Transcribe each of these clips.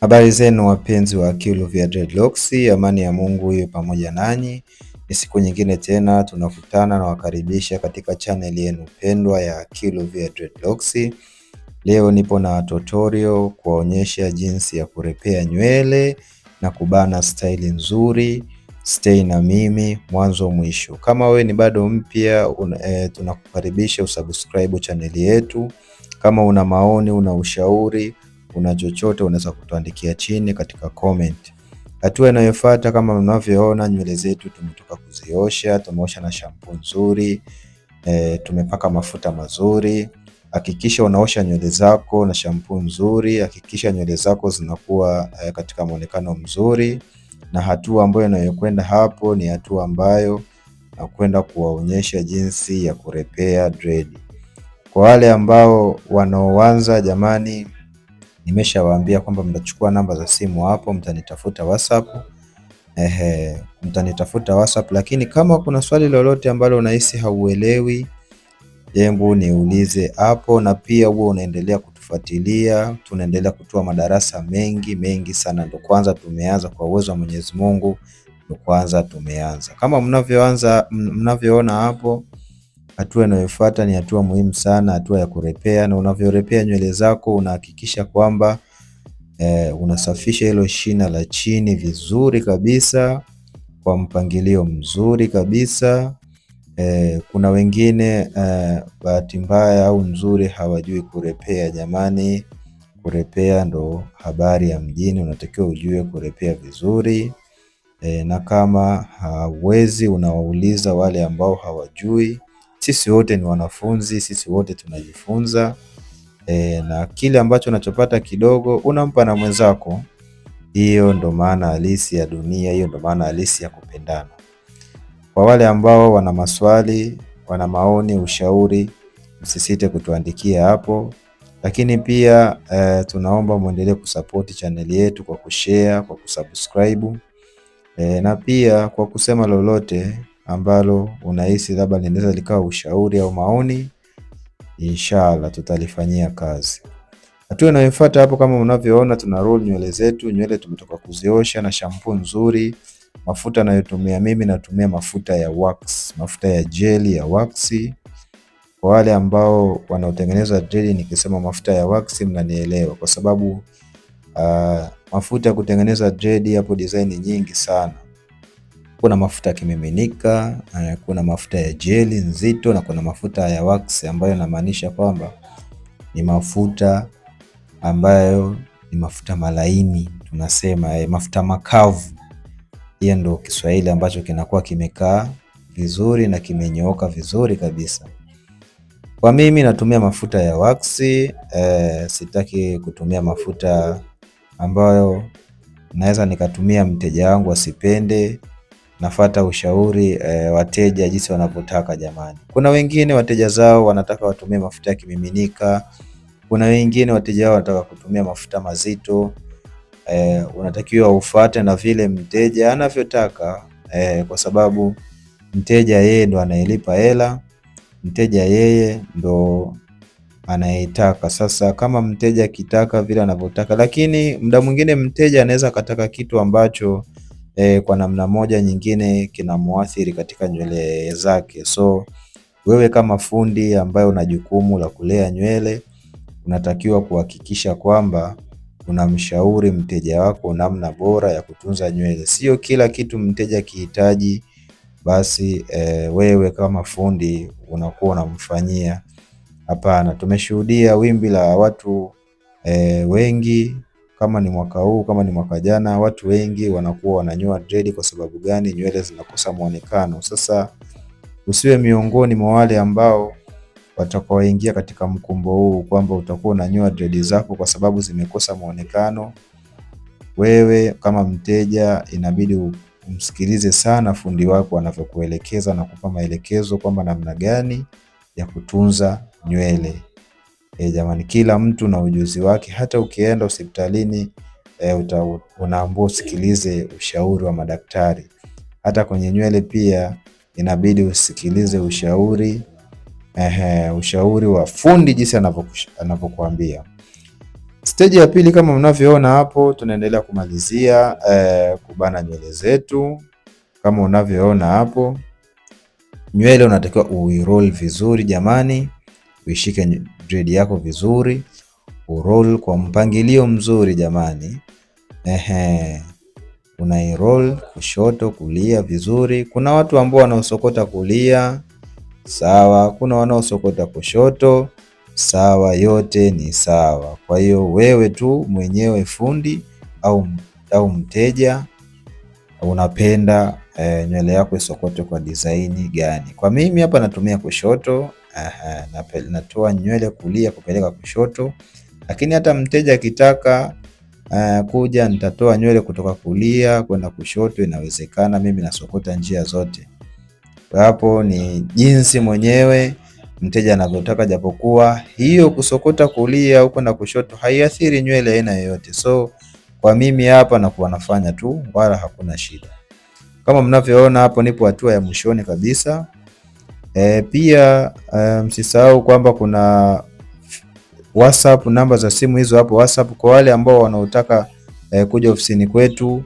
Habari zenu wapenzi wa Kyulu vya Dreadlocks, amani ya Mungu iwe pamoja nanyi. Ni siku nyingine tena tunakutana na wakaribisha katika chaneli yenu pendwa ya Kyulu vya Dreadlocks. Leo nipo na tutorial kuwaonyesha jinsi ya kurepea nywele na kubana staili nzuri. Stay na mimi mwanzo mwisho. Kama wewe ni bado mpya e, tunakukaribisha usubscribe chaneli yetu. Kama una maoni, una ushauri kuna chochote unaweza kutuandikia chini katika comment. Hatua inayofuata kama mnavyoona, nywele zetu tumetoka kuziosha, tumeosha na shampoo nzuri e, tumepaka mafuta mazuri. Hakikisha unaosha nywele zako na shampoo nzuri, hakikisha nywele zako zinakuwa e, katika muonekano mzuri, na hatua ambayo inayokwenda hapo ni hatua ambayo nakwenda kuwaonyesha jinsi ya kurepea dread. Kwa wale ambao wanaoanza, jamani Nimeshawaambia kwamba mtachukua namba za simu hapo, mtanitafuta WhatsApp. Ehe, mtanitafuta WhatsApp, lakini kama kuna swali lolote ambalo unahisi hauelewi jembu niulize hapo, na pia huo unaendelea kutufuatilia. Tunaendelea kutoa madarasa mengi mengi sana, ndo kwanza tumeanza. Kwa uwezo wa Mwenyezi Mungu, ndo kwanza tumeanza, kama mnavyoanza mnavyoona hapo Hatua inayofuata ni hatua muhimu sana, hatua ya kurepea, na unavyorepea nywele zako unahakikisha kwamba eh, unasafisha hilo shina la chini vizuri kabisa kwa mpangilio mzuri kabisa. Eh, kuna wengine eh, bahati mbaya au nzuri hawajui kurepea. Jamani, kurepea ndo habari ya mjini, unatakiwa ujue kurepea vizuri. E, na kama hauwezi unawauliza wale ambao hawajui sisi wote ni wanafunzi, sisi wote tunajifunza e, na kile ambacho unachopata kidogo unampa na mwenzako. Hiyo ndo maana halisi ya dunia, hiyo ndo maana halisi ya kupendana. Kwa wale ambao wana maswali, wana maoni, ushauri, msisite kutuandikia hapo, lakini pia e, tunaomba muendelee kusapoti chaneli yetu kwa kushare, kwa kusubscribe e, na pia kwa kusema lolote ambalo unahisi labda linaweza likawa ushauri au maoni, inshallah tutalifanyia kazi. Hatua inayofuata hapo, kama unavyoona, tuna roll nywele zetu. Nywele tumetoka kuziosha na shampoo nzuri. Mafuta nayotumia mimi, natumia mafuta ya wax, mafuta ya jeli ya wax. Kwa wale ambao wanaotengeneza dread, nikisema mafuta ya wax mnanielewa, kwa sababu uh, mafuta ya kutengeneza dread hapo design nyingi sana kuna mafuta ya kimiminika, eh, kuna mafuta ya jeli nzito na kuna mafuta ya wax ambayo inamaanisha kwamba ni mafuta ambayo ni mafuta malaini, tunasema eh, mafuta makavu. Hiyo ndio Kiswahili ambacho kinakuwa kimekaa vizuri na kimenyooka vizuri kabisa. Kwa mimi natumia mafuta ya waksi eh, sitaki kutumia mafuta ambayo naweza nikatumia mteja wangu asipende nafata ushauri e, wateja jinsi wanavyotaka jamani. Kuna wengine wateja zao wanataka watumie mafuta ya kimiminika, kuna wengine wateja wao wanataka kutumia mafuta mazito e, unatakiwa ufuate na vile mteja anavyotaka e, kwa sababu mteja yeye ndo anayelipa hela, mteja yeye ndo anayetaka. Sasa kama mteja akitaka vile anavyotaka, lakini muda mwingine mteja anaweza akataka kitu ambacho e, kwa namna moja nyingine kinamwathiri katika nywele zake. So wewe kama fundi ambaye una jukumu la kulea nywele, unatakiwa kuhakikisha kwamba unamshauri mteja wako namna bora ya kutunza nywele. Sio kila kitu mteja kihitaji basi e, wewe kama fundi unakuwa unamfanyia. Hapana, tumeshuhudia wimbi la watu e, wengi kama ni mwaka huu, kama ni mwaka jana, watu wengi wanakuwa wananyoa dread. Kwa sababu gani? Nywele zinakosa muonekano. Sasa usiwe miongoni mwa wale ambao watakaoingia katika mkumbo huu, kwamba utakuwa unanyoa dread zako kwa sababu zimekosa muonekano. Wewe kama mteja, inabidi umsikilize sana fundi wako anavyokuelekeza na kupa maelekezo kwamba namna gani ya kutunza nywele. E, jamani, kila mtu na ujuzi wake. Hata ukienda hospitalini e, unaambua usikilize ushauri wa madaktari. Hata kwenye nywele pia inabidi usikilize ushauri ehe, ushauri wa fundi jinsi anavyokuambia. Stage ya pili kama mnavyoona hapo, tunaendelea kumalizia e, kubana nywele zetu kama unavyoona hapo. Nywele unatakiwa uiroll vizuri jamani, uishike trade yako vizuri, uroll kwa mpangilio mzuri jamani. Ehe, unairoll kushoto kulia vizuri. Kuna watu ambao wanaosokota kulia, sawa. Kuna wanaosokota kushoto, sawa. Yote ni sawa. Kwa hiyo wewe tu mwenyewe fundi au, au mteja unapenda eh, nywele yako isokote kwa design gani? Kwa mimi hapa natumia kushoto Aha, natoa nywele kulia kupeleka kushoto, lakini hata mteja akitaka uh, kuja nitatoa nywele kutoka kulia kwenda kushoto, inawezekana. Mimi nasokota njia zote, hapo ni jinsi mwenyewe mteja anavyotaka, japokuwa hiyo kusokota kulia au na kushoto haiathiri nywele aina yoyote. So kwa mimi hapa nakuwa nafanya tu, wala hakuna shida. Kama mnavyoona hapo, nipo hatua ya mwishoni kabisa. E, pia e, msisahau um, kwamba kuna WhatsApp namba za simu hizo hapo WhatsApp kwa wale ambao wanaotaka e, kuja ofisini kwetu.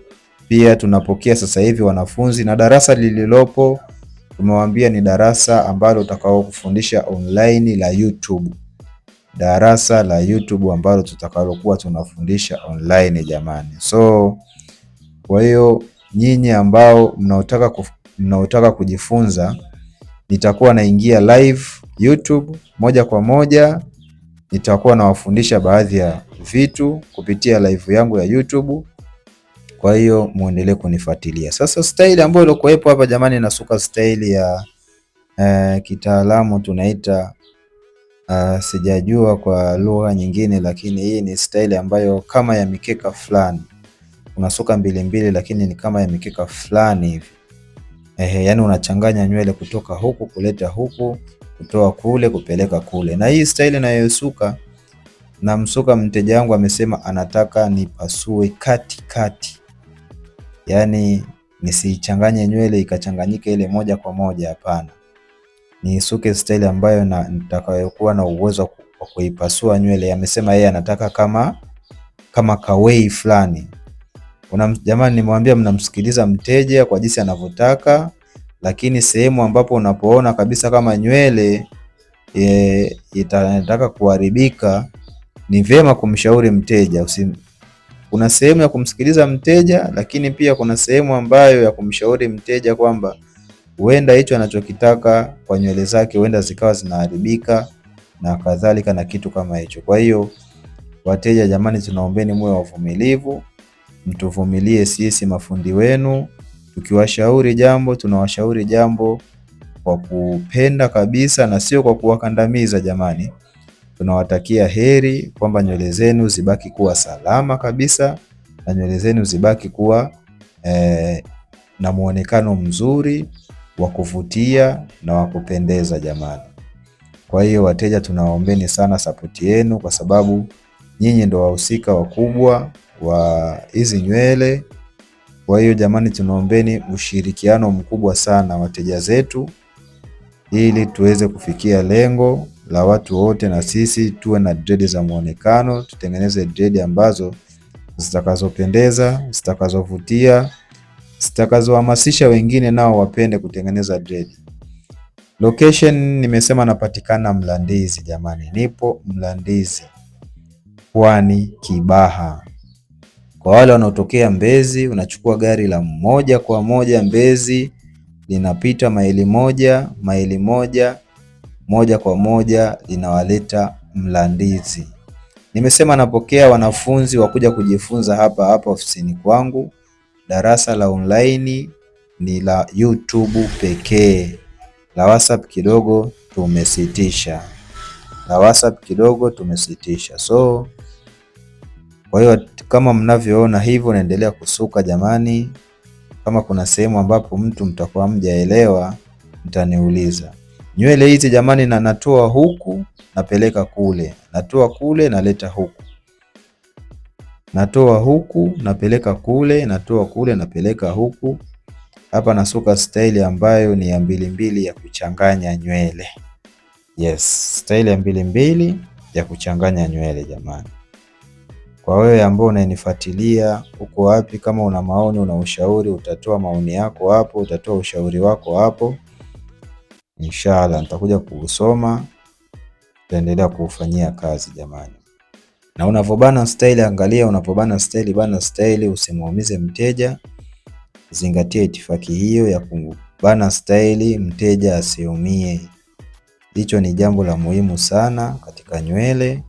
Pia tunapokea sasa hivi wanafunzi na darasa lililopo tumewaambia ni darasa ambalo tutakao kufundisha online la YouTube, darasa la YouTube ambalo tutakalokuwa tunafundisha online jamani. So kwa hiyo nyinyi ambao mnaotaka mnaotaka kujifunza nitakuwa naingia live YouTube moja kwa moja, nitakuwa nawafundisha baadhi ya vitu kupitia live yangu ya YouTube. Kwa hiyo muendelee kunifuatilia. Sasa style ambayo ilikuwepo hapa jamani, nasuka style ya eh, kitaalamu tunaita Uh, sijajua kwa lugha nyingine, lakini hii ni staili ambayo kama ya mikeka fulani, unasuka mbili mbili, lakini ni kama ya mikeka fulani hivi. Ehe, yani unachanganya nywele kutoka huku kuleta huku, kutoa kule kupeleka kule. Na hii staili inayosuka na msuka, mteja wangu amesema anataka nipasue katikati kati. Yani nisichanganye nywele ikachanganyika ile moja kwa moja, hapana. Nisuke style ambayo na nitakayokuwa na uwezo wa kuipasua nywele. Amesema yeye anataka kama kama kawei fulani. Jamani, nimewambia mnamsikiliza mteja kwa jinsi anavyotaka, lakini sehemu ambapo unapoona kabisa kama nywele e, itataka kuharibika ni vyema kumshauri mteja usim. Kuna sehemu ya kumsikiliza mteja, lakini pia kuna sehemu ambayo ya kumshauri mteja kwamba huenda hicho anachokitaka kwa nywele zake huenda zikawa zinaharibika na kadhalika na kitu kama hicho. Kwa hiyo wateja, jamani, tunaombeni muwe wavumilivu mtuvumilie sisi mafundi wenu, tukiwashauri jambo tunawashauri jambo kwa kupenda kabisa na sio kwa kuwakandamiza. Jamani, tunawatakia heri kwamba nywele zenu zibaki kuwa salama kabisa na nywele zenu zibaki kuwa eh, na muonekano mzuri wa kuvutia na wa kupendeza jamani. Kwa hiyo wateja, tunawaombeni sana sapoti yenu, kwa sababu nyinyi ndo wahusika wakubwa wa hizi nywele. Kwa hiyo jamani, tunaombeni ushirikiano mkubwa sana wateja zetu, ili tuweze kufikia lengo la watu wote, na sisi tuwe na dredi za muonekano, tutengeneze dredi ambazo zitakazopendeza, zitakazovutia, zitakazohamasisha wengine nao wapende kutengeneza dredi. Location nimesema napatikana Mlandizi jamani, nipo Mlandizi, Pwani Kibaha. Kwa wale wanaotokea Mbezi, unachukua gari la moja kwa moja Mbezi, linapita maili moja maili moja moja kwa moja linawaleta Mlandizi. Nimesema napokea wanafunzi wakuja kujifunza hapa hapa ofisini kwangu. Darasa la online ni la YouTube pekee, la WhatsApp kidogo tumesitisha, la WhatsApp kidogo tumesitisha so kwa hiyo kama mnavyoona hivyo, naendelea kusuka jamani. Kama kuna sehemu ambapo mtu mtakuwa mjaelewa, mtaniuliza. Nywele hizi jamani, na natoa huku napeleka kule, natoa kule naleta huku, natoa huku napeleka kule, natoa kule napeleka huku. Hapa nasuka staili ambayo ni ya mbili mbili ya kuchanganya nywele. Yes, staili ya mbili mbili ya kuchanganya nywele jamani. Kwa wewe ambao unanifuatilia, uko wapi? Kama una maoni, una ushauri, utatoa maoni yako hapo, utatoa ushauri wako hapo. Inshallah nitakuja kuusoma, tutaendelea kuufanyia kazi jamani. Na unavobana staili, angalia unavobana staili, bana staili, usimuumize mteja. Zingatia itifaki hiyo ya kubana staili, mteja asiumie. Hicho ni jambo la muhimu sana katika nywele,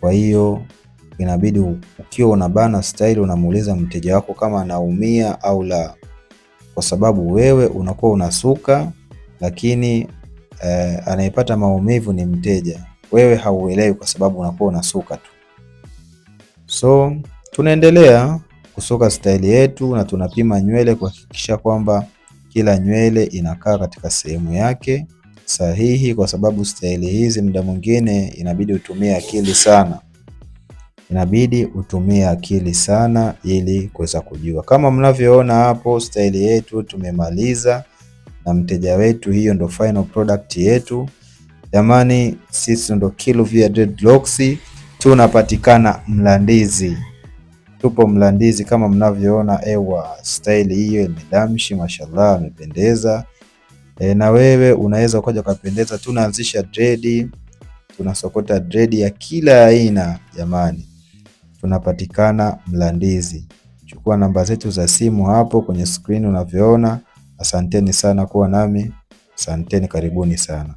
kwa hiyo inabidi ukiwa unabana style unamuuliza mteja wako kama anaumia au la, kwa sababu wewe unakuwa unasuka lakini eh, anayepata maumivu ni mteja, wewe hauelewi kwa sababu unakuwa unasuka tu. So tunaendelea kusuka staili yetu na tunapima nywele kuhakikisha kwamba kila nywele inakaa katika sehemu yake sahihi, kwa sababu staili hizi muda mwingine inabidi utumie akili sana inabidi utumie akili sana ili kuweza kujua. Kama mnavyoona hapo, staili yetu tumemaliza na mteja wetu, hiyo ndo final product yetu jamani. Sisi ndo Kiluvia Dreadlocks, tunapatikana Mlandizi, tupo Mlandizi kama mnavyoona. Ewa, staili hiyo imedamshi, mashallah, amependeza. E, na wewe unaweza ukaja ukapendeza. Tunaanzisha dredi, tunasokota dredi ya kila aina jamani tunapatikana Mlandizi. Chukua namba zetu za simu hapo kwenye skrini unavyoona. Asanteni sana kuwa nami, asanteni, karibuni sana.